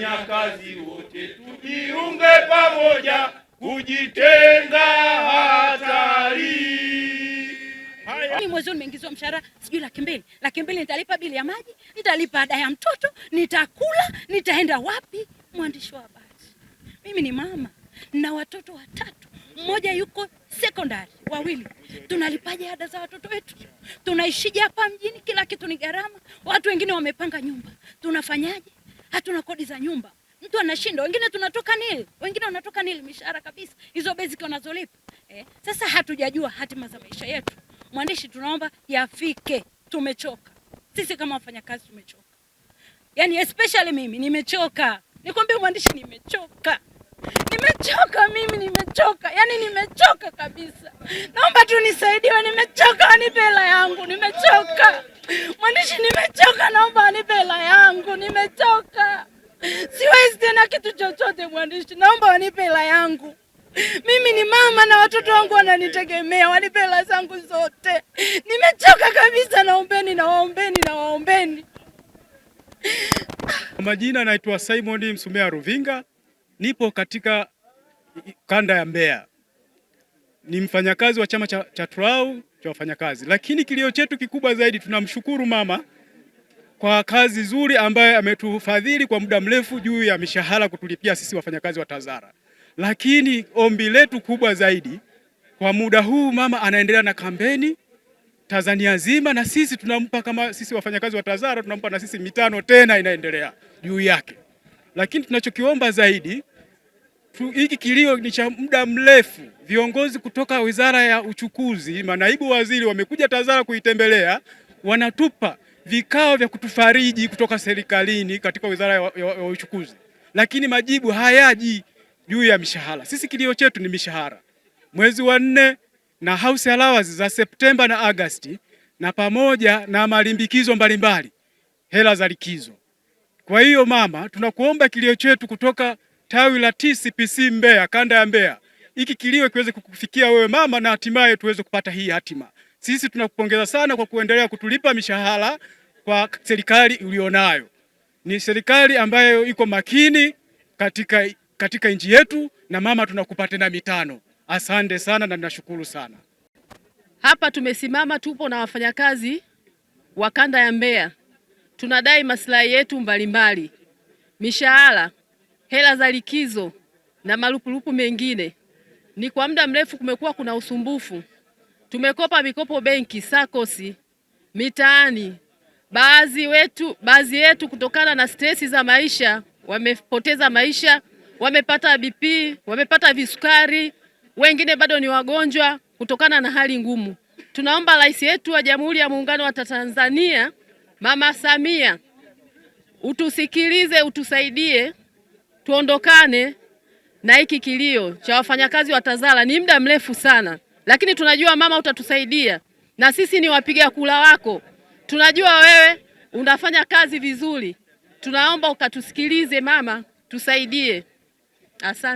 kazi wote tujiunge pamoja, kujitenga hatari. Mwezi nimeingizwa mshahara sijui laki mbili, laki mbili nitalipa bili ya maji, nitalipa ada ya mtoto, nitakula, nitaenda wapi? Mwandishi wa habari, mimi ni mama na watoto watatu, mmoja yuko sekondari, wawili. Tunalipaje ada za watoto wetu? Tunaishije hapa mjini? Kila kitu ni gharama, watu wengine wamepanga nyumba, tunafanyaje? hatuna kodi za nyumba, mtu anashinda. Wengine tunatoka nil, wengine wanatoka nil mishahara kabisa, hizo basic wanazolipa eh. Sasa hatujajua hatima za maisha yetu. Mwandishi, tunaomba yafike. Tumechoka sisi kama wafanyakazi, tumechoka yani, especially mimi nimechoka. Nikwambia mwandishi, nimechoka nimechoka mimi, nimechoka yani, nimechoka kabisa. Naomba tu nisaidiwe, nimechoka, wanipe hela yangu, nimechoka mwandishi, nime kitu chochote mwandishi, naomba wanipe hela yangu. Mimi ni mama na watoto wangu wananitegemea, wanipe hela zangu zote. Nimechoka kabisa, naombeni na waombeni na waombeni. Majina naitwa Simon Msumea Ruvinga, nipo katika kanda ya Mbeya, ni mfanyakazi wa chama cha, cha TRAU cha wafanyakazi, lakini kilio chetu kikubwa zaidi tunamshukuru mama kwa kazi nzuri ambayo ametufadhili kwa muda mrefu juu ya mishahara kutulipia sisi wafanyakazi wa Tazara. Lakini ombi letu kubwa zaidi kwa muda huu, mama anaendelea na kampeni Tanzania nzima, na sisi tunampa kama sisi wafanyakazi wa Tazara tunampa na sisi mitano tena inaendelea juu yake. Lakini tunachokiomba zaidi hiki kilio ni cha muda mrefu. Viongozi kutoka Wizara ya Uchukuzi, manaibu waziri wamekuja Tazara kuitembelea, wanatupa vikao vya kutufariji kutoka serikalini katika wizara ya, uchukuzi, lakini majibu hayaji juu ya mishahara. Sisi kilio chetu ni mishahara mwezi wa nne na house allowance za Septemba na Agasti na pamoja na malimbikizo mbalimbali, hela za likizo. Kwa hiyo mama, tunakuomba kilio chetu kutoka tawi la TCPC Mbeya, kanda ya Mbeya, hiki kilio kiweze kukufikia wewe mama, na hatimaye tuweze kupata hii hatima. Sisi tunakupongeza sana kwa kuendelea kutulipa mishahara kwa serikali ulionayo. Ni serikali ambayo iko makini katika, katika nchi yetu. Na mama, tunakupa tena mitano. Asante sana na ninashukuru sana. Hapa tumesimama, tupo na wafanyakazi wa kanda ya Mbeya, tunadai maslahi yetu mbalimbali, mishahara, hela za likizo na marupurupu mengine. Ni kwa muda mrefu kumekuwa kuna usumbufu Tumekopa mikopo benki, sakosi, mitaani. Baadhi wetu, baadhi yetu kutokana na stresi za maisha wamepoteza maisha, wamepata BP, wamepata visukari, wengine bado ni wagonjwa kutokana na hali ngumu. Tunaomba rais yetu wa Jamhuri ya Muungano wa Tanzania Mama Samia utusikilize, utusaidie tuondokane na hiki kilio cha wafanyakazi wa Tazara. Ni muda mrefu sana lakini tunajua mama utatusaidia, na sisi ni wapiga kula wako, tunajua wewe unafanya kazi vizuri, tunaomba ukatusikilize mama, tusaidie. Asante.